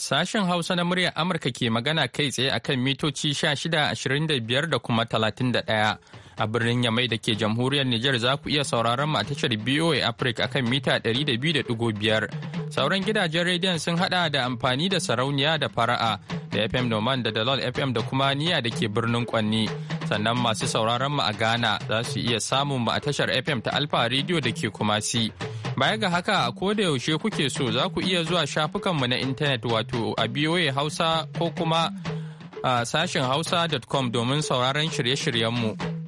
Sashen Hausa na muryar Amurka ke magana kai tsaye akan mitoci 1625 da kuma 31. A birnin Yamai da ke jamhuriyar Nijar za ku iya sauraron a tashar BOA Africa akan mita 200.5. Sauran gidajen rediyon sun hada da amfani da sarauniya da fara'a da FM Noman da Dalol FM da kuma Niya da ke birnin Kwanni. Sannan masu sauraron mu a Ghana za su iya samun mu a tashar FM ta Alfa Radio da ke Kumasi. Baya ga haka a koda yaushe kuke so za ku iya zuwa shafukanmu na intanet wato a BOA Hausa ko kuma a sashen hausa.com domin sauraron shirye-shiryenmu.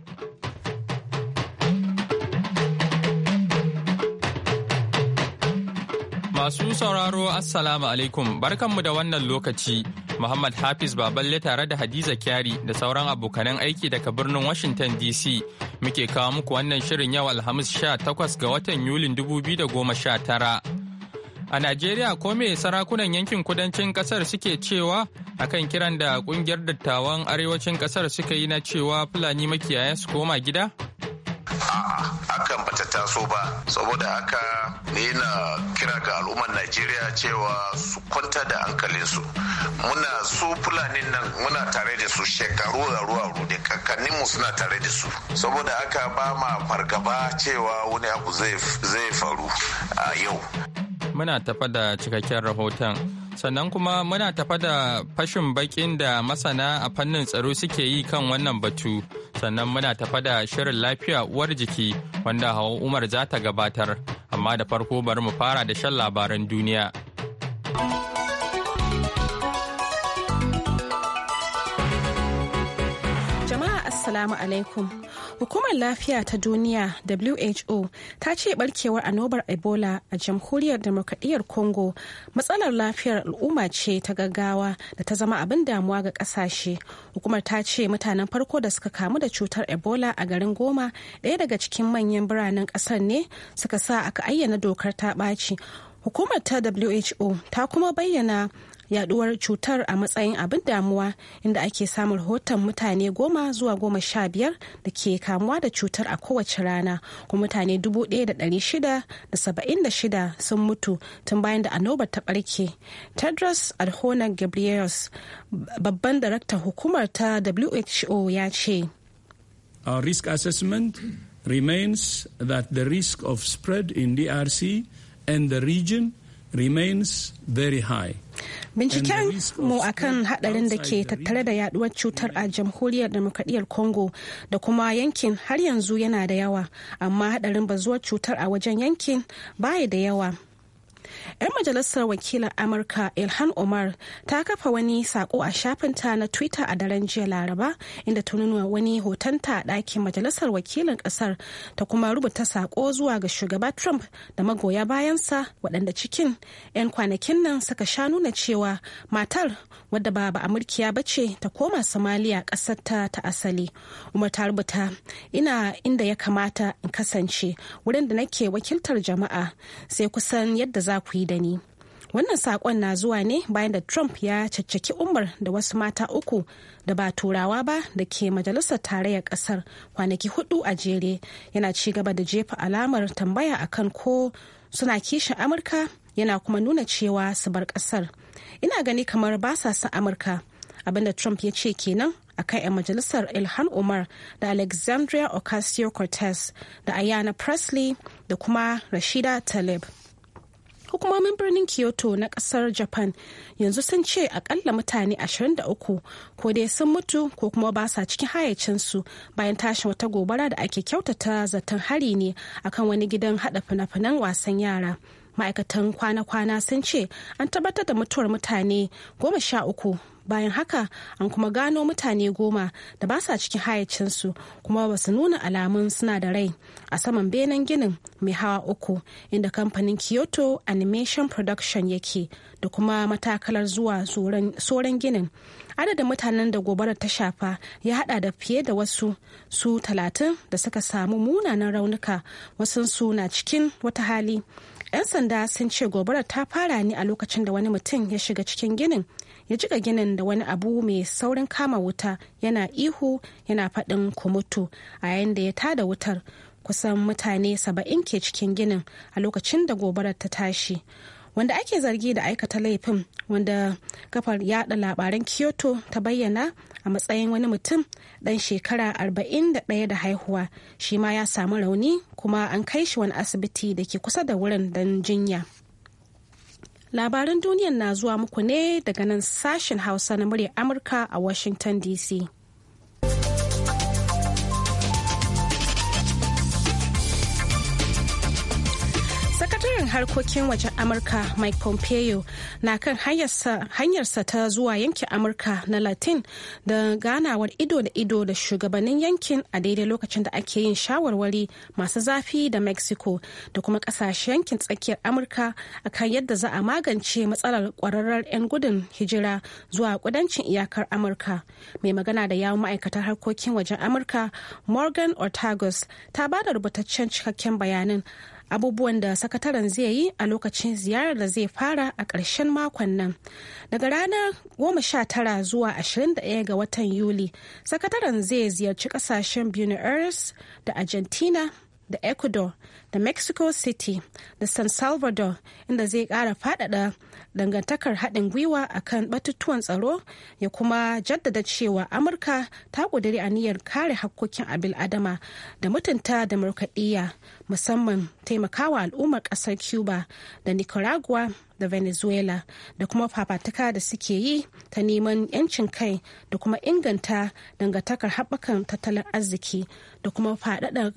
Masu sauraro Assalamu alaikum barkanmu da wannan lokaci. Muhammad Hafiz Baballe tare da Hadiza Kyari da sauran abokanan aiki daga birnin Washington DC muke kawo muku wannan shirin yau Alhamis 18 ga watan Yulin 2019. A Najeriya ko me sarakunan yankin kudancin kasar suke cewa akan kiran da kungiyar dattawan arewacin kasar suka yi na cewa Fulani makiyaya su koma gida? taso ba saboda haka ne na kira ga al'ummar najeriya cewa su kwanta da hankalinsu muna su fulanin nan muna tare da su shekaru da ruwa rude kakanninmu suna tare da su saboda haka ba ma fargaba cewa wani abu zai faru a yau muna tafa da cikakken rahoton sannan kuma muna tafa da fashin bakin da masana a fannin tsaro suke yi kan wannan batu sannan muna tafa da shirin lafiya uwar jiki wanda hawa umar za ta gabatar amma da farko bari mu fara da shan labaran duniya. Assalamu alaikum. Hukumar lafiya ta duniya WHO ta ce barkewar annobar Ebola a jamhuriyar demokradiyyar Congo matsalar lafiyar al'umma ce ta gaggawa da ta zama abin damuwa ga kasashe. Hukumar ta ce mutanen farko da suka kamu da cutar Ebola a garin Goma ɗaya daga cikin manyan biranen ƙasar ne suka sa aka ayyana dokar ta ɓaci. Hukumar ta WHO ta kuma bayyana yaduwar cutar a matsayin abin damuwa inda ake samun rahoton mutane goma zuwa goma sha biyar da ke kamuwa da cutar a kowace rana kuma mutane dubu ɗaya da ɗari shida da saba'in da shida sun mutu tun bayan da annobar ta ɓarke tedros adhona gabriels babban daraktan hukumar ta who ya ce our risk assessment remains that the risk of spread in drc and the region remains very high Binciken mu a kan haɗarin da ke tattare da yaduwar cutar a jamhuriyar demokradiyyar Congo da kuma yankin har yanzu yana da yawa, amma haɗarin bazuwar cutar a wajen yankin baya da yawa. 'Yan majalisar wakilan Amurka Ilhan Omar ta kafa wani sako a shafinta na Twitter a daren jiya Laraba inda ta nuna wani hotonta a ɗakin majalisar wakilan ƙasar ta kuma rubuta sako zuwa ga shugaba Trump da magoya bayansa waɗanda cikin 'yan kwanakin nan suka sha nuna cewa matar wadda ba ba amurkiya ba ce ta koma Somalia ƙasarta ta asali. Umar ta rubuta ina inda ya kamata in kasance wurin da nake wakiltar jama'a sai kusan yadda za ku da ni. Wannan saƙon na zuwa ne bayan da Trump ya caccaki Umar da wasu mata uku da ba turawa ba da ke majalisar tarayyar ƙasar kwanaki hudu a jere yana ci gaba da jefa alamar tambaya akan ko suna kishin Amurka yana kuma nuna cewa su bar ƙasar. Ina gani kamar ba sa son Amurka abinda Trump ya ce kenan akan 'yan majalisar Ilhan Umar da Alexandria Ocasio-Cortez da Ayana Presley da kuma Rashida Talib. hukumomin birnin kyoto na kasar japan yanzu sun ce akalla mutane 23 ko dai sun mutu ko kuma ba sa cikin hayacinsu bayan tashin wata gobara da ake kyautata zaton hari ne akan wani gidan hada fina-finan wasan yara ma'aikatan kwana-kwana sun ce an tabbatar da mutuwar mutane goma sha uku bayan haka an kuma gano mutane goma da ba sa cikin hayacinsu kuma ba su nuna alamun suna da rai a saman benen ginin mai hawa uku inda kamfanin kyoto animation production yake da kuma matakalar zuwa soren ginin adadin mutanen da gobarar ta shafa ya hada da fiye da wasu su talatin da suka samu munanan raunuka wasansu na cikin wata hali 'yan sanda sun ce gobarar ta fara ne a lokacin da wani mutum ya shiga cikin ginin ya jika ginin da wani abu mai saurin kama wuta yana ihu yana faɗin kumutu a yayin da ya tada wutar kusan mutane saba'in ke cikin ginin a lokacin da gobarar ta tashi wanda ake zargi da aikata laifin wanda kafar yada labaran kyoto ta bayyana a matsayin wani mutum dan shekara 41 da haihuwa shi ma ya samu rauni kuma an kai shi wani asibiti da ke kusa da wurin don jinya labaran duniyan na zuwa muku ne daga nan sashen hausa na murya amurka a washington dc harkokin wajen Amurka Mike Pompeo na kan hanyarsa ta zuwa yankin Amurka na Latin da ganawar ido da ido da shugabannin yankin a daidai lokacin da ake yin shawarwari masu zafi da Mexico da kuma kasashen yankin tsakiyar Amurka akan yadda za a magance matsalar kwararar 'yan gudun hijira zuwa kudancin iyakar Amurka. Mai magana da yawon ma'aikatar harkokin wajen Amurka Morgan Ortagus ta ba da rubutaccen cikakken bayanin abubuwan da sakataren zai yi a lokacin ziyarar da zai fara a ƙarshen makon nan daga ranar 19 zuwa 21 ga watan yuli sakataren zai ziyarci ƙasashen buenos da argentina da ecuador da mexico city da san salvador inda zai ƙara faɗaɗa dangantakar haɗin gwiwa akan batutuwan tsaro ya kuma jaddada cewa amurka ta ƙudiri niyyar kare hakkokin adama da mutunta demokradiyya musamman taimakawa al'ummar ƙasar cuba da nicaragua da venezuela da kuma fafatuka da suke yi ta neman 'yancin kai da kuma inganta dangantakar haɓakan tattalin arziki da kuma faɗaɗa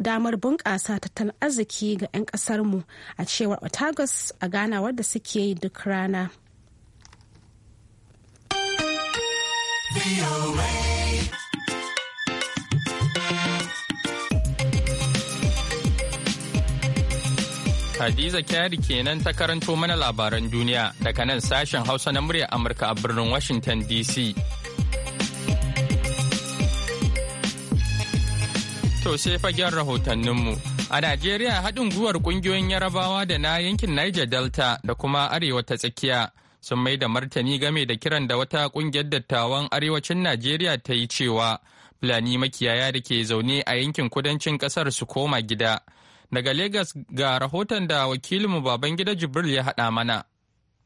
damar bunƙasa tattalin arziki ga 'yan ƙasarmu a cewar otagos a ganawar da suke yi duk rana. Hadiza Kyari kenan ta karanto mana labaran duniya daga nan sashen Hausa na murya Amurka a birnin Washington DC. To sai fagen rahotanninmu. A Najeriya haɗin gwiwar ƙungiyoyin Yarabawa da na yankin Niger Delta da kuma Arewa ta tsakiya sun mai da martani game da kiran da wata ƙungiyar dattawan Arewacin Najeriya ta yi cewa Fulani makiyaya da ke zaune a yankin kudancin ƙasar su koma gida. Daga Legas ga rahoton da wakilinmu Babangida Jibril ya haɗa mana.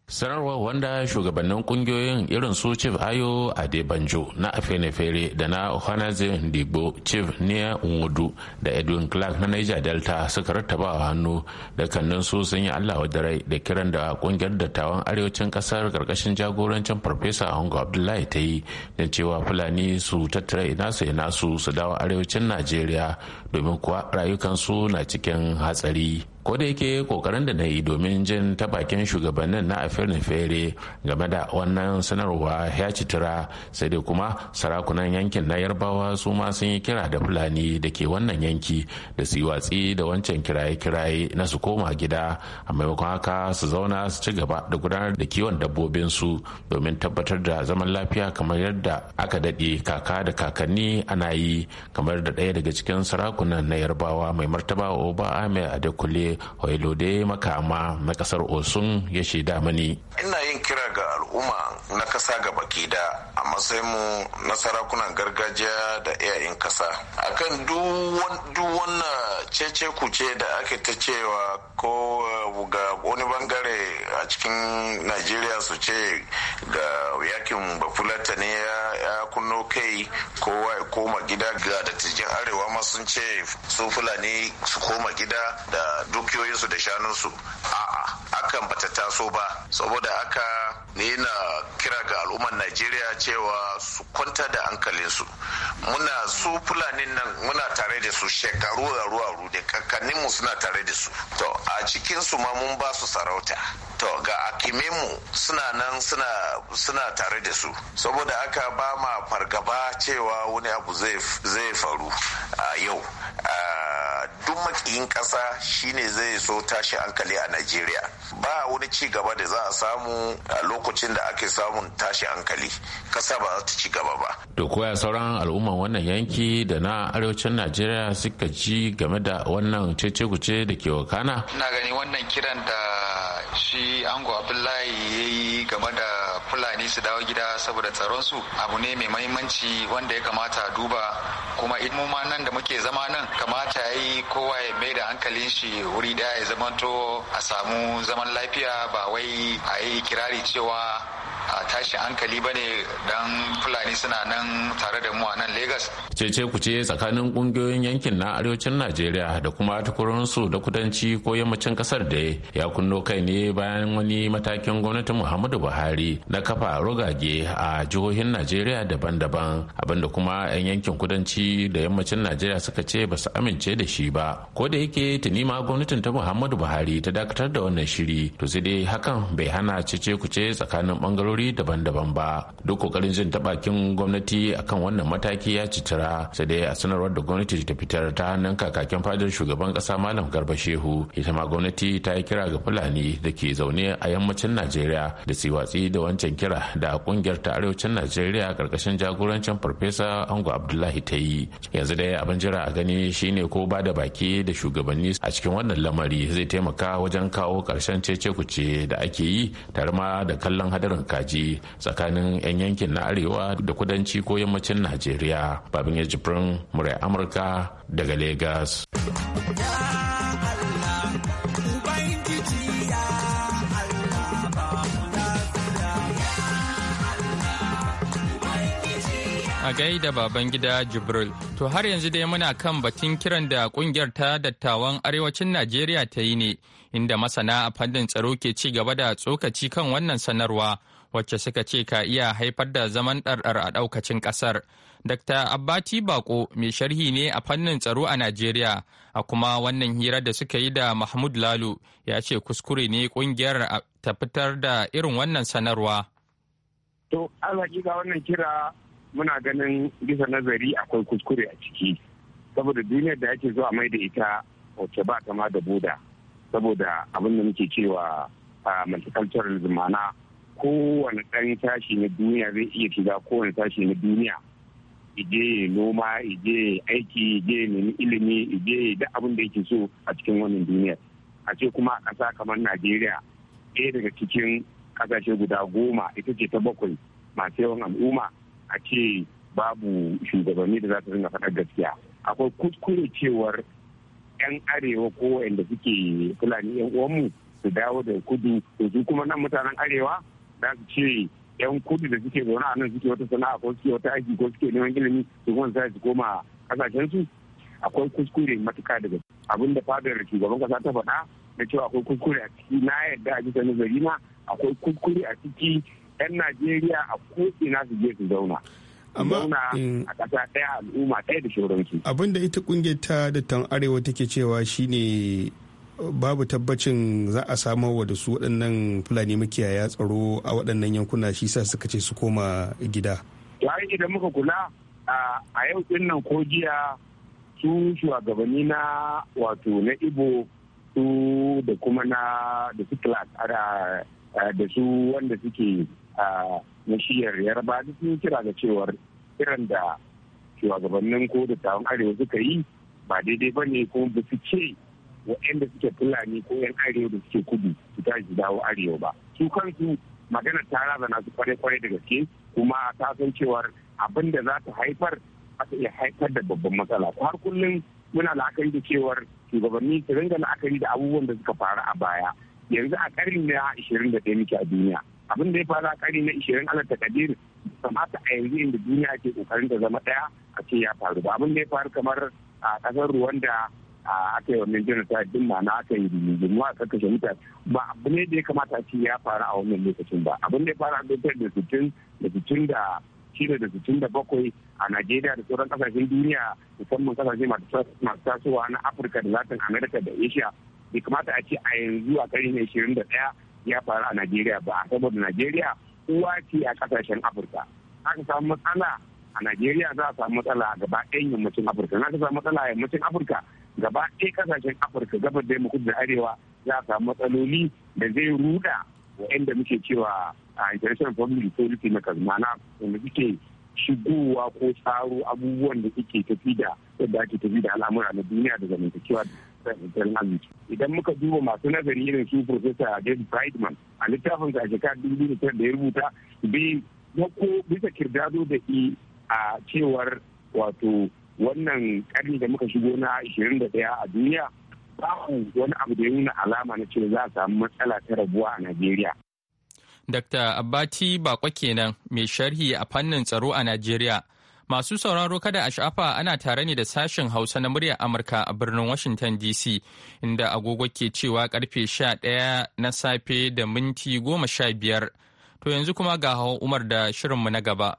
sanarwar wanda shugabannin kungiyoyin irin su chief ayo adebanjo na afenefere da na ohanaze ndigbo chief nia nwudu da edwin clark na niger delta suka rattaba hannu da kannin su sun yi allah rai da kiran da kungiyar dattawan arewacin kasar karkashin jagorancin farfesa hango abdullahi ta yi da cewa fulani su tattara ina su ina su su dawo arewacin najeriya domin kuwa rayukansu na cikin hatsari ko da yake kokarin da na yi domin jin ta bakin shugabannin na afirin fere game da wannan sanarwa ya citira sai dai kuma sarakunan yankin na yarbawa su ma sun yi kira da fulani da ke wannan yanki da su yi watsi da wancan kiraye-kiraye na su koma gida a maimakon haka su zauna su ci gaba da gudanar da kiwon dabbobin su domin tabbatar da zaman lafiya kamar yadda aka daɗe kaka da kakanni ana yi kamar da ɗaya daga cikin sarakunan na yarbawa mai martaba oba ahmed adekule hoilode makama na kasar osun ya shaida mani ina yin kira ga al'umma na kasa ga baki da a matsayin mu na sarakunan gargajiya da iyayen kasa akan duk wannan cece kuce da aka ta cewa ko eh, ga wani bangare a cikin najeriya su ce ga yakin bafulata ne ya kunno kai kowa ya koma gida ga tijin arewa ma sun ce su fulani su koma gida da dukiyoyinsu da shanunsu a'a akan bata taso ba saboda aka ni na kira ga al'ummar najeriya cewa su kwanta da hankalinsu muna su fulani nan muna tare da su shekaru da ruwa da kakanninmu suna tare da su to a cikinsu ma mun ba su sarauta to ga akiminmu suna nan suna tare da su saboda aka ba ma fargaba cewa wani abu zai faru jirgin ƙasa shine zai so tashi hankali a najeriya ba wani ci gaba da za a samu a lokacin da ake samun tashi hankali ƙasa ba za ta ci gaba ba to koya sauran al'umman wannan yanki da na arewacin najeriya suka ji game da wannan cece kuce da ke wakana ina gani wannan kiran da shi ango abdullahi ya yi game da fulani su dawo gida saboda tsaron su abu ne mai mahimmanci wanda ya kamata a duba kuma mu ma nan da muke zama nan kamata ya yi kowa ya mai da hankalin shi wuri daya ya zamanto a samu zaman lafiya ba wai a yi kirari cewa a tashi hankali ba ne dan fulani suna nan tare da mu a nan lagos cece ku ce tsakanin kungiyoyin yankin na arewacin najeriya da kuma tukurorinsu da kudanci ko yammacin kasar da ya kunno kai ne bayan wani matakin gwamnatin muhammadu buhari na kafa rogage a jihohin najeriya daban-daban abinda kuma 'yan yankin kudanci da yammacin najeriya suka ce ba su amince da shi ba ko da yake tuni ma gwamnatin ta muhammadu buhari ta dakatar da wannan shiri to sai dai hakan bai hana cece ku ce tsakanin bangarorin bangarori daban-daban ba duk kokarin jin ta bakin gwamnati akan wannan mataki ya citira sai dai a sanarwar da gwamnati ta fitar ta hannun kakakin fadar shugaban kasa malam garba shehu ita ma gwamnati ta yi kira ga fulani da ke zaune a yammacin najeriya da su watsi da wancan kira da kungiyar ta arewacin najeriya karkashin jagorancin farfesa ango abdullahi ta yi yanzu dai abin jira a gani shine ko ba da baki da shugabanni a cikin wannan lamari zai taimaka wajen kawo karshen cece kuce da ake yi tare ma da kallon hadarin kaji gidaje tsakanin 'yan yankin na arewa da kudanci ko yammacin najeriya babin ya murai amurka daga Legas. a gaida baban gida jibril to har yanzu dai muna kan batun kiran da kungiyar ta dattawan arewacin najeriya ta yi ne inda masana a fannin tsaro ke ci gaba da tsokaci kan wannan sanarwa wacce suka ce ka iya haifar da zaman ɗarɗar a ɗaukacin ƙasar. Dr. Abbati Bako mai sharhi ne a fannin tsaro a Najeriya a kuma wannan hira da suka yi da Mahmud Lalu ya ce kuskure ne ƙungiyar ta fitar da irin wannan sanarwa. To, an hakika wannan kira muna ganin bisa nazari akwai kuskure a ciki. Saboda duniyar da ake zuwa mai da ita wacce ba kama da buda. Saboda abin da muke cewa ah, multiculturalism mana kowane ɗan tashi na duniya zai iya shiga kowane tashi na duniya ije noma ije aiki ije nemi ilimi ije da abin da yake so a cikin wannan duniya a ce kuma a ƙasa kamar najeriya ɗaya daga cikin ƙasashe guda goma ita ce ta bakwai masu yawan al'umma a ce babu shugabanni da za su ringa faɗar gaskiya akwai kuskure cewar 'yan arewa ko wanda suke fulani 'yan uwanmu su dawo da kudu su kuma nan mutanen arewa za su ce yan kudu da suke zaune a nan suke wata sana'a ko suke wata aiki ko suke neman ilimi su kuma sa su koma kasashen su akwai kuskure matuka daga abin da fadar shugaban kasa ta faɗa na cewa akwai kuskure a ciki na yadda a bisa nazari ma akwai kuskure a ciki yan najeriya a ko'ina su je su zauna amma a eh, ƙasa ɗaya al'umma ɗaya da shauransu abin da ita ƙungiyar ta da tan arewa take cewa shine babu tabbacin za a samar wa da su waɗannan fulani makiyaya tsaro a waɗannan yankuna shi sa suka ce su koma gida. yayin idan muka kula a yau din nan ko jiya su shugabanni na wato na ibo su da kuma na da su da su wanda suke na shiyar yarba duk sun kira da cewar kiran da shugabannin ko da tawon arewa suka yi ba daidai ba ne kuma ba su ce waɗanda suke fulani ko yan arewa da suke kudu su tashi dawo arewa ba su kansu magana ta razana su kwarai kwarai da gaske kuma ta san cewar abin da za ta haifar za ta iya haifar da babban matsala ko har kullum muna la'akari da cewar shugabanni su ringa la'akari da abubuwan da suka faru a baya yanzu a karin na ishirin da ɗaya muke a duniya abin da ya faru a karin na ishirin ala takadir kamata a yanzu inda duniya ke kokarin ta zama ɗaya a ce ya faru ba abin da ya faru kamar a kasar ruwan da. aka yi wannan janata din ma na aka yi rigingimu a aka kashe mutane ba abu ne da ya kamata ce ya faru a wannan lokacin ba abin da ya fara a dokar da sittin da sittin da shida da sittin da bakwai a najeriya da sauran kasashen duniya musamman kasashe masu tasowa na afirka da latin america da asia bai kamata a ce a yanzu a karni ashirin da ɗaya ya faru a najeriya ba saboda najeriya uwa ce a kasashen afirka aka samu matsala a najeriya za a samu matsala a gaba ɗayan yammacin afirka na ka samu matsala a yammacin afirka gaba ɗaya kasashen afirka gabar da kudu da arewa za a samu matsaloli da zai ruda waɗanda muke cewa a international public policy na kazmana wanda suke shigowa ko tsaro abubuwan da suke tafi da yadda ake tafi da al'amura na duniya da zamantakewa da tattalin arziki idan muka duba masu nazari irin su professor David Brightman a littafin littafinsa a shekarar dubu da ya rubuta bi bisa kirdado da i a cewar wato wannan karni da muka shigo na 21 a duniya babu wani abu da ya nuna alama na cewa za a samu matsala ta rabuwa a Najeriya. Dr. Abbati Bakwa kenan mai sharhi a fannin tsaro a Najeriya. Masu sauraro kada a sha'afa ana tare ne da sashen Hausa na muryar Amurka a birnin Washington DC inda agogo ke cewa karfe 11 na safe da minti 15. To yanzu kuma ga hawan Umar da shirinmu na gaba.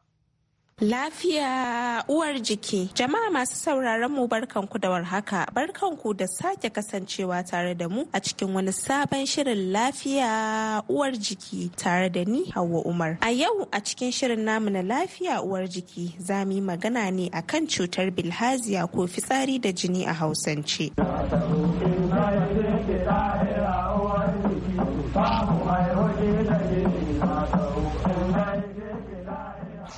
Lafiya uwar jiki. Jama'a masu sauraron mu barkanku da warhaka. Barkanku da sake kasancewa tare da mu a cikin wani sabon shirin lafiya uwar jiki tare da ni Hauwa Umar. A yau a cikin shirin namu na lafiya uwar jiki za mu yi magana ne akan cutar bilhaziya ko fitsari da jini a Hausance.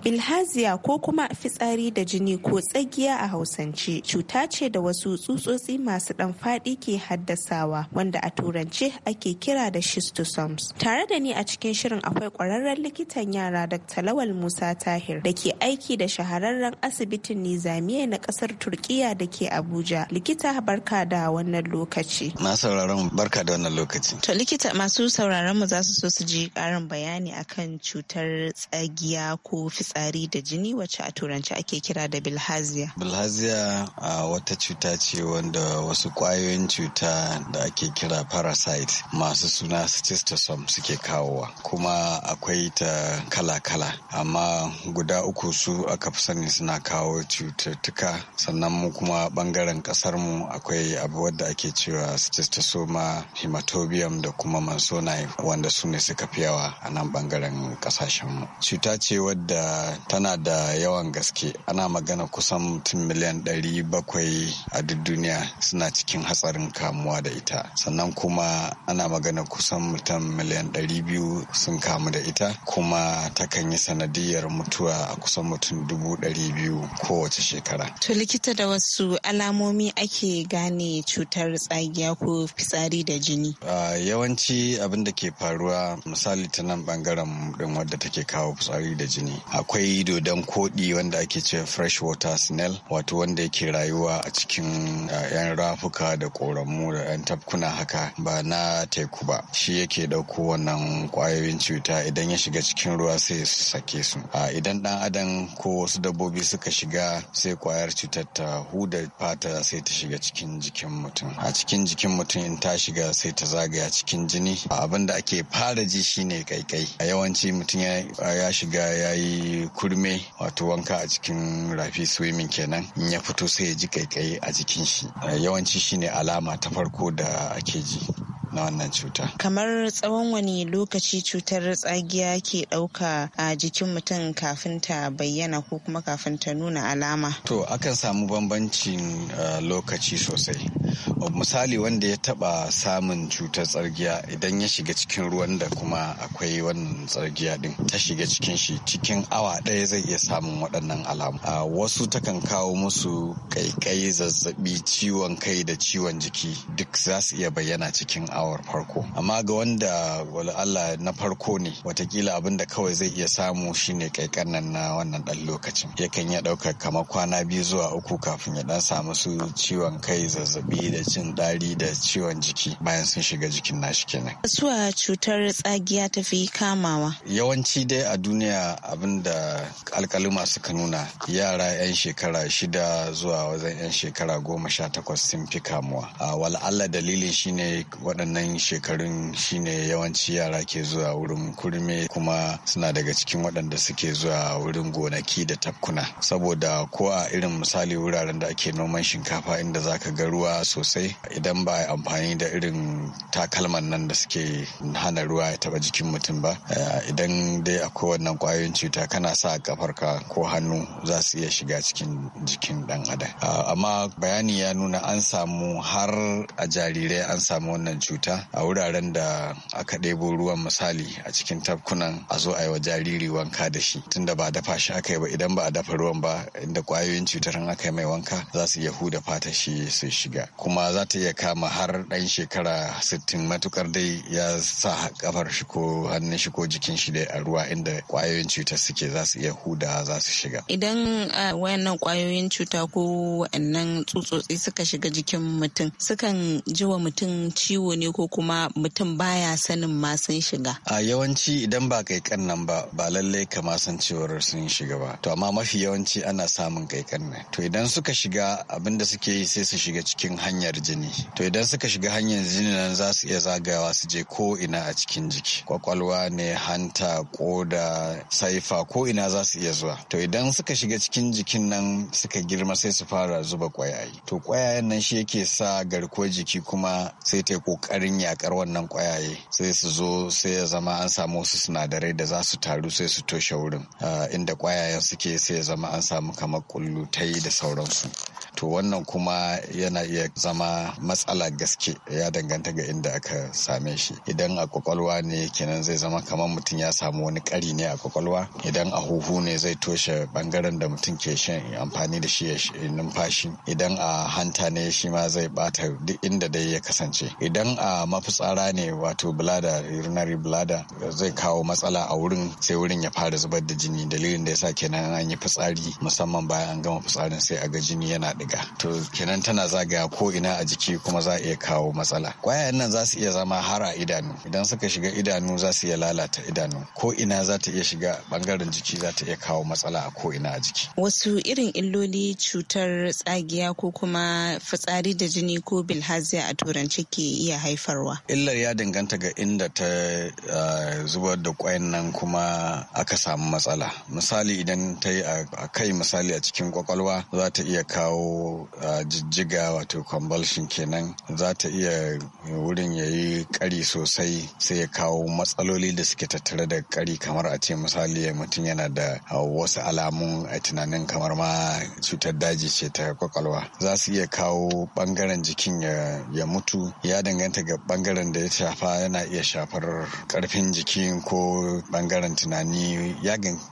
bilhaziya ko kuma fitsari da jini ko tsagiya a hausance cuta ce da wasu tsutsotsi masu dan faɗi ke haddasawa wanda a turance ake kira da schistosomes tare da ni a cikin shirin akwai kwararren likitan yara da lawal musa tahir da ke aiki da shahararren asibitin nizamiya na kasar turkiya da ke abuja likita barka da wannan lokaci masu sauraron barka da wannan lokaci to likita masu sauraron mu za su so su ji ƙarin bayani akan cutar tsagiya ko fitsari fitsari da jini wacce a turanci ake kira da bilhaziya. Bilhaziya a wata cuta ce wanda wasu kwayoyin cuta da ake kira parasite masu suna cystosome suke kawowa kuma akwai ta kala-kala amma guda uku su aka fi sani suna kawo cututtuka sannan mu kuma bangaren ƙasar mu akwai abu wadda ake cewa cystosoma hematobium da kuma mansonai wanda su ne suka fi yawa a nan bangaren ƙasashen mu. Cuta ce wadda tana da yawan gaske ana magana kusan mutum miliyan 700 a duk duniya suna cikin hatsarin kamuwa da ita sannan kuma ana magana kusan mutum miliyan 200 sun kamu da ita kuma takan yi sanadiyar mutuwa a kusan mutum 200 kowace shekara to likita da wasu alamomi ake gane cutar tsagiya ko fitsari da jini yawanci abin da ke faruwa misali ta nan bangaren din wadda take kawo fitsari da jini akwai akwai dodon koɗi wanda ake ce fresh water snail wato wanda yake rayuwa a cikin yan ah, rafuka da ƙoramu da yan tafkuna haka ba na teku ba shi yake ɗauko wannan ƙwayoyin cuta idan ya shiga cikin ruwa sai su sake su a idan ɗan adam ko wasu dabbobi suka shiga sai ƙwayar cutar ta huda fata sai ta shiga cikin jikin mutum a cikin jikin mutum in ta shiga sai ta zagaya cikin jini abin da ake fara ji shine kaikai a yawanci mutum ya shiga ya yi kurme wato wanka a cikin rafi swimming kenan in ya fito sai ya ji kaikayi a jikin shi eh, yawanci shine alama ta farko da ake ji na wannan cuta. Kamar tsawon wani lokaci cutar tsagiya ke ɗauka a jikin mutum kafin ta bayyana ko kuma kafin ta nuna alama? To akan samu bambancin eh, lokaci sosai. misali wanda ya taba samun cutar tsargiya idan ya shiga cikin ruwan da kuma akwai wannan tsargiya din ta shiga cikin shi cikin awa ɗaya zai iya samun waɗannan alamu a wasu takan kawo musu kaikai zazzabi ciwon kai da ciwon jiki duk za su iya bayyana cikin awar farko amma ga wanda wala Allah na farko ne watakila abin da kawai zai iya samu shine kaikan nan na wannan ɗan lokacin yakan ya ɗaukar kamar kwana biyu zuwa uku kafin ya ɗan samu su ciwon kai zazzabi da jin ɗari da ciwon jiki bayan sun shiga jikin nashi kenan. Suwa cutar tsagiya ta fi kamawa. Yawanci dai a duniya abin da alkaluma suka nuna yara 'yan shekara shida zuwa wajen 'yan shekara goma sha takwas sun fi kamuwa. A wal'alla dalilin shine waɗannan shekarun shine yawanci yara ke zuwa wurin kurme kuma suna daga cikin waɗanda suke zuwa wurin gonaki da tafkuna. Saboda ko a irin misali wuraren da ake noman shinkafa inda zaka ga ruwa sosai idan ba amfani da irin takalman nan da suke hana ruwa ya taba jikin mutum ba eh, idan dai akwai wannan kwayoyin cuta kana sa kafarka ko hannu za su iya shiga cikin jikin dan adam ah, amma bayani ya nuna an samu har a jarirai an samu wannan cuta a wuraren da aka ɗebo ruwan misali a cikin tafkunan a zo a yi wa jariri wanka da shi tunda ba dafa shi aka yi ba idan ba a dafa ruwan ba inda kwayoyin cutar aka yi mai wanka za su iya huda fata shi su shiga kuma za ta iya kama har ɗan shekara 60 matukar dai ya sa kafar shi ko hannun shi ko jikin shi dai a ruwa inda kwayoyin cuta suke za su iya huda za su shiga. Idan wayannan kwayoyin cuta ko wayannan tsutsotsi suka shiga jikin mutum sukan ji wa mutum ciwo ne ko kuma mutum baya sanin ma sun shiga. A yawanci idan ba kai kan nan ba ba lallai kama san cewar sun shiga ba. To amma mafi yawanci ana samun kai nan, To idan suka shiga abinda suke yi sai su shiga cikin hanyar jini to idan suka shiga hanyar jini nan za su iya zagayawa su je ko ina a cikin jiki kwakwalwa ne hanta koda saifa ko ina za su iya zuwa to idan suka shiga cikin jikin nan suka girma sai su fara zuba kwayaye to kwayayen nan shi yake sa garkuwar jiki kuma sai ta kokarin yakar wannan kwayaye sai su zo sai ya zama an samu wasu sinadarai da za su taru sai su toshe wurin ah, inda kwayayen suke sai ya zama an samu kamar kullutai da sauransu to wannan kuma yana iya zama matsala gaske ya danganta ga inda aka same shi idan a kwakwalwa ne kenan zai zama kamar mutum ya samu wani kari ne a kwakwalwa idan a huhu ne zai toshe bangaren da mutum ke shan amfani da shi ya numfashi idan a hanta ne shi ma zai bata duk inda dai ya kasance idan a mafitsara ne wato bulada urinary bulada zai kawo matsala a wurin sai wurin ya fara zubar da jini dalilin da yasa kenan an yi fitsari musamman bayan an gama fitsarin sai a ga jini yana da riga to kenan tana zagaya ko ina a jiki kuma za a iya kawo matsala kwayayen nan za su iya zama har a idanu idan suka shiga idanu za su iya lalata idanu ko ina za ta iya shiga bangaren jiki za ta iya kawo matsala a ko ina a jiki wasu irin illoli cutar tsagiya ko kuma fitsari da jini ko bilhaziya a turance ke iya haifarwa illar ya danganta ga inda ta zubar da ƙwayan nan kuma aka samu matsala misali idan ta yi a kai misali a cikin kwakwalwa za ta iya kawo a jijjiga wato convulsion kenan za ta iya wurin ya yi kari sosai sai ya kawo matsaloli da suke tattare da kari kamar a ce misali mutum yana da wasu alamun a tunanin kamar ma cutar daji ce ta kwakwalwa za su iya kawo bangaren jikin ya mutu ya danganta ga bangaren da ya shafa yana iya shafar karfin jikin ko bangaren tunani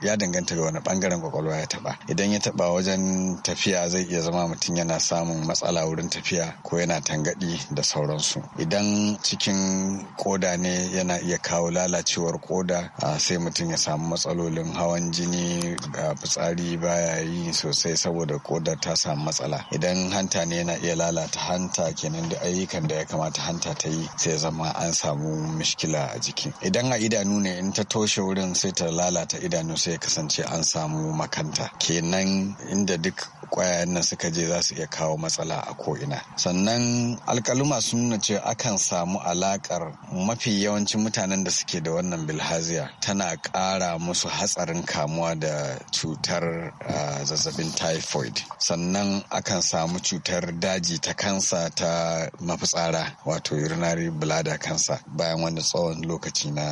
ya danganta ga wani bangaren kwakwalwa ya taba idan ya taba wajen tafiya zai iya zama mutum yana samun matsala wurin tafiya ko yana tangadi da sauransu idan cikin koda ne yana iya kawo lalacewar koda sai mutum ya samu matsalolin hawan jini ga fitsari baya yi sosai saboda koda ta samu matsala idan hanta ne yana iya lalata hanta kenan da ayyukan da ya kamata hanta ta yi sai zama an samu mishkila a jiki idan a idanu ne in ta toshe wurin sai ta lalata idanu sai ya kasance an samu makanta kenan inda duk kwayayen nan suka je za su iya kawo matsala a ko'ina sannan alkaluma sun nuna cewa akan samu alakar mafi yawancin mutanen da suke da wannan bilhaziya tana kara musu hatsarin kamuwa da cutar ah, zazzabin typhoid sannan akan samu cutar daji ta kansa ta mafitsara wato urinary bladder kansa bayan wani tsawon lokaci na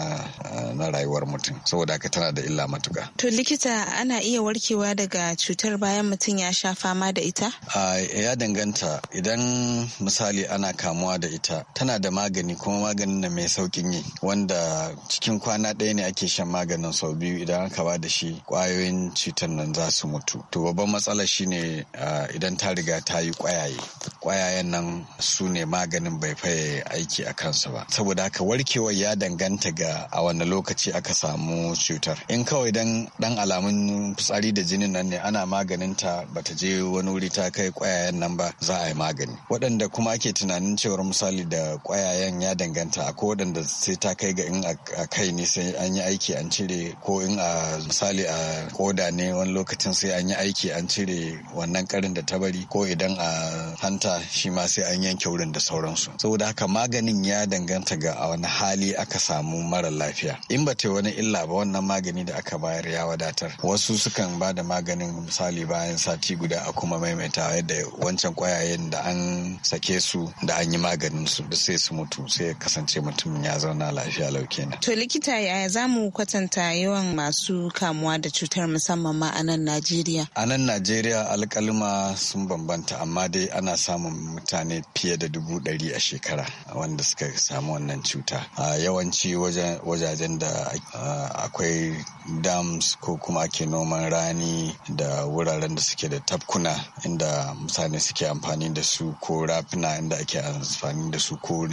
ah, rayuwar mutum saboda haka tana da illa matuka to likita ana iya warkewa daga cutar bayan mutum ya sha fama da ita? ya danganta idan misali ana kamuwa da ita tana da magani kuma maganin na mai saukin yi wanda cikin kwana ɗaya ne ake shan maganin sau biyu idan aka ba da shi kwayoyin cutar nan za su mutu. To babban matsala shine idan ta riga ta yi kwayaye. Kwayayen nan su ne maganin bai faye aiki a kansu ba. Saboda haka warkewar ya danganta ga a wani lokaci aka samu cutar. In kawai dan dan alamun fitsari da jinin nan ne ana maganin ta bata ta je wani wuri ta kai kwayayen nan ba za a yi magani waɗanda kuma ake tunanin cewar misali da kwayayen ya danganta ko waɗanda sai ta kai ga in a kai ne sai an yi aiki an cire ko in a misali a koda ne wani lokacin sai an yi aiki an cire wannan karin da ta bari ko idan a hanta shi ma sai an yanke wurin da sauransu saboda haka maganin ya danganta ga a wani hali aka samu mara lafiya in ba ta wani illa ba wannan magani da aka bayar ya wadatar wasu sukan ba da maganin misali bayan sati guda a kuma maimaita yadda wancan kwayayen da an sake su da an yi maganin su da sai su mutu sai kasance mutum ya zauna lafiya lauke na To likita yaya za mu kwatanta yawan masu kamuwa da cutar musamman ma a nan Najeriya? A nan Najeriya alkalima sun bambanta amma dai ana samun mutane fiye da dubu ɗari a shekara wanda suka samu wannan cuta. A yawanci wajajen da akwai dams ko kuma ake noman rani da wuraren da suke da tafkuna inda mutane suke amfani da su ko rafina inda ake amfani da su ko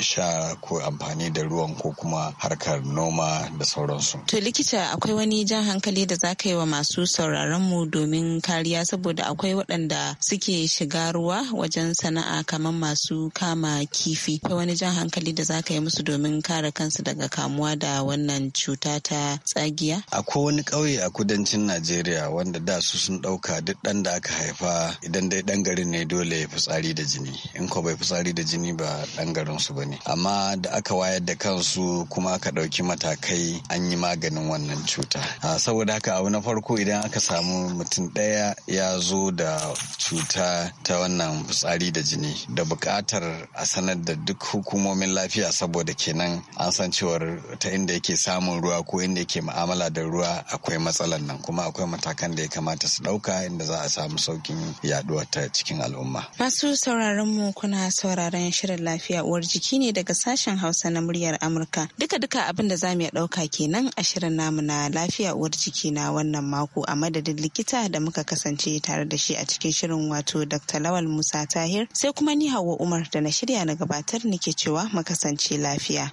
sha ko amfani da ruwan ko kuma harkar noma da sauransu. To likita akwai wani jan hankali da za ka yi wa masu sauraron mu domin kariya saboda akwai waɗanda suke shiga ruwa wajen sana'a kamar masu kama kifi. Akwai wani jan hankali da za ka yi musu domin kare kansu daga kamuwa da wannan cuta ta tsagiya? Akwai wani ƙauye a kudancin Najeriya wanda da su sun ɗauka duk ɗan da aka haifa idan dai ɗan garin ne dole ya fitsari da jini in ko bai fitsari da jini ba ɗan garin su ba ne amma da aka wayar da kansu kuma aka ɗauki matakai an yi maganin wannan cuta saboda haka abu na farko idan aka samu mutum ɗaya ya zo da cuta ta wannan fitsari da jini da buƙatar a sanar da duk hukumomin lafiya saboda kenan an san cewar ta inda yake samun ruwa ko inda yake mu'amala da ruwa akwai matsalan nan kuma akwai matakan da ya kamata su ɗauka inda za a samu saukin yaduwar ta cikin al'umma. Masu sauraron mu kuna sauraron shirin lafiya uwar jiki ne daga sashen Hausa na muryar Amurka. Duka-duka abin da zamu mu ɗauka kenan a shirin namu na lafiya uwar jiki na wannan mako a madadin likita da muka kasance tare da shi a cikin shirin wato Dr. Lawal Musa Tahir sai kuma ni Hauwa Umar da na shirya na gabatar nake cewa mu kasance lafiya.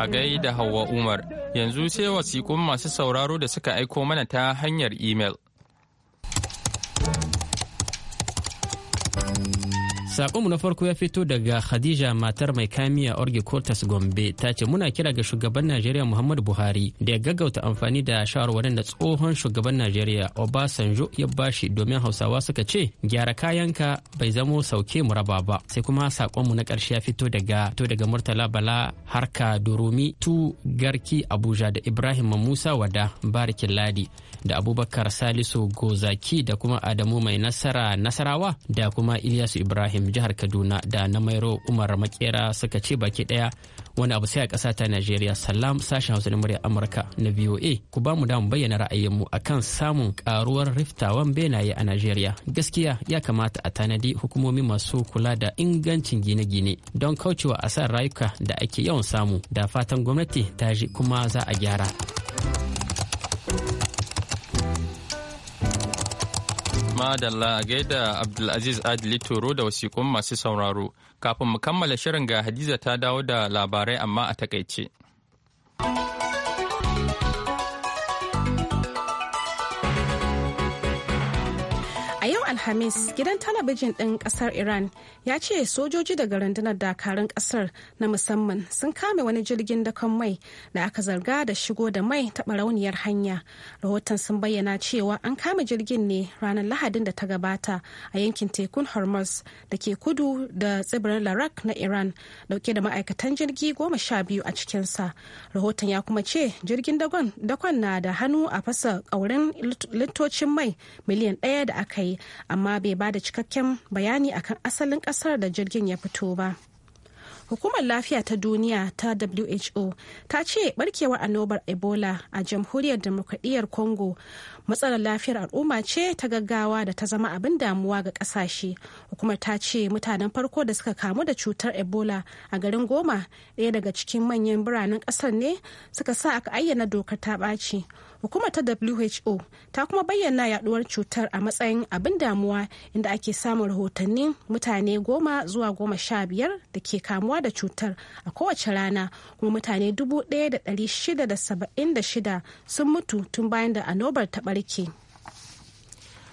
a da Hauwa Umar. Yanzu sai wasikun masu sauraro da suka aiko mana ta hanyar imel. Sakonmu na farko ya fito daga Khadija matar mai kamiya Orge Cortes Gombe ta ce muna kira ga shugaban Najeriya Muhammadu Buhari da ya gaggauta amfani da shawarwarin da tsohon shugaban Najeriya Obasanjo ya bashi domin Hausawa suka ce gyara kayanka bai zamo sauke mu raba ba. Sai kuma sakonmu na karshe ya fito daga to daga Murtala Bala Harka Durumi Tu Garki Abuja da Ibrahim Musa Wada Barikin Ladi da Abubakar Salisu Gozaki da kuma Adamu Mai Nasara Nasarawa da kuma Ilyasu Ibrahim jihar kaduna da na mairo umar makera suka ce baki daya wani abu sai a ƙasa ta najeriya sallam sashen hausa na murya amurka na voa ku ba mu damu bayyana ra'ayinmu akan samun karuwar riftawan benaye a najeriya gaskiya ya kamata a tanadi hukumomi masu kula da ingancin gine-gine don kaucewa asar rayuka da ake yawan samu da fatan gwamnati ta ji kuma za a gyara. Madalla a gaida Abdulaziz Adili Toro da wasiƙun masu sauraro. Kafin mu kammala shirin ga Hadiza ta dawo da labarai amma a takaice. Alhamis, gidan talabijin ɗin ƙasar Iran ya ce sojoji daga rundunar dakarun ƙasar na musamman sun kame wani jirgin dakon mai da aka zarga da shigo da mai ta barauniyar hanya. Rahoton sun bayyana cewa an kame jirgin ne ranar Lahadin da ta gabata a yankin tekun Hormuz da ke kudu da tsibirin Larak na Iran dauke da ma'aikatan jirgi goma sha biyu a cikinsa. Rahoton ya kuma ce jirgin dakon na da hannu a fasa ƙaurin littocin mai miliyan ɗaya da aka yi amma bai ba da cikakken bayani akan asalin kasar da jirgin ya fito ba hukumar lafiya ta duniya ta who ta ce barkewar annobar ebola a jamhuriyar demokradiyyar congo matsalar lafiyar al'umma ce ta gaggawa da ta zama abin damuwa ga kasashe hukumar ta ce mutanen farko da suka kamu da cutar ebola a garin goma ɗaya daga cikin manyan biranen ƙasar ne suka sa aka ayyana dokar ta ɓaci hukumar ta who ta kuma bayyana yaduwar cutar a matsayin abin damuwa inda ake samun rahotanni mutane goma zuwa goma sha biyar da ke kamuwa da cutar a kowace rana kuma mutane dubu ɗaya da ɗari shida da saba'in da shida sun mutu tun bayan da annobar ta ɓarke.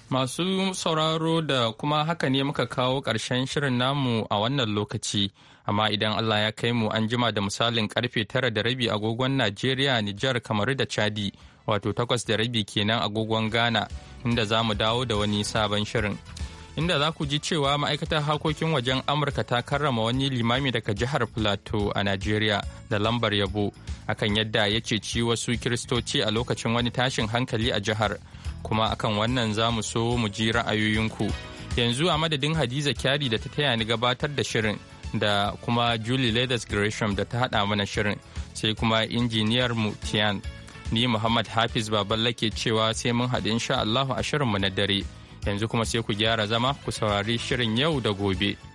Masu sauraro da kuma haka ne muka kawo ƙarshen shirin namu a wannan lokaci, amma idan Allah ya kai mu an jima da misalin karfe tara da rabi agogon Najeriya, Nijar, Kamaru da Chadi, wato takwas da rabi kenan agogon Ghana inda za mu dawo da wani sabon shirin. Inda za ku ji cewa ma'aikatar harkokin wajen Amurka ta karrama wani limami daga jihar Plateau a Najeriya da lambar yabo akan yadda ya ceci wasu kiristoci a lokacin wani tashin hankali a jihar. Kuma akan wannan za mu so mu ji ra'ayoyinku. Yanzu a madadin Hadiza Kyari da ta taya ni gabatar da shirin da kuma Julie Leathers Gresham da ta haɗa mana shirin sai kuma injiniyar mu Tian Ni Muhammad Hafiz Baballa ke cewa sai mun haɗu insha Allahu a shirinmu na dare. Yanzu kuma sai ku gyara zama ku saurari shirin yau da gobe.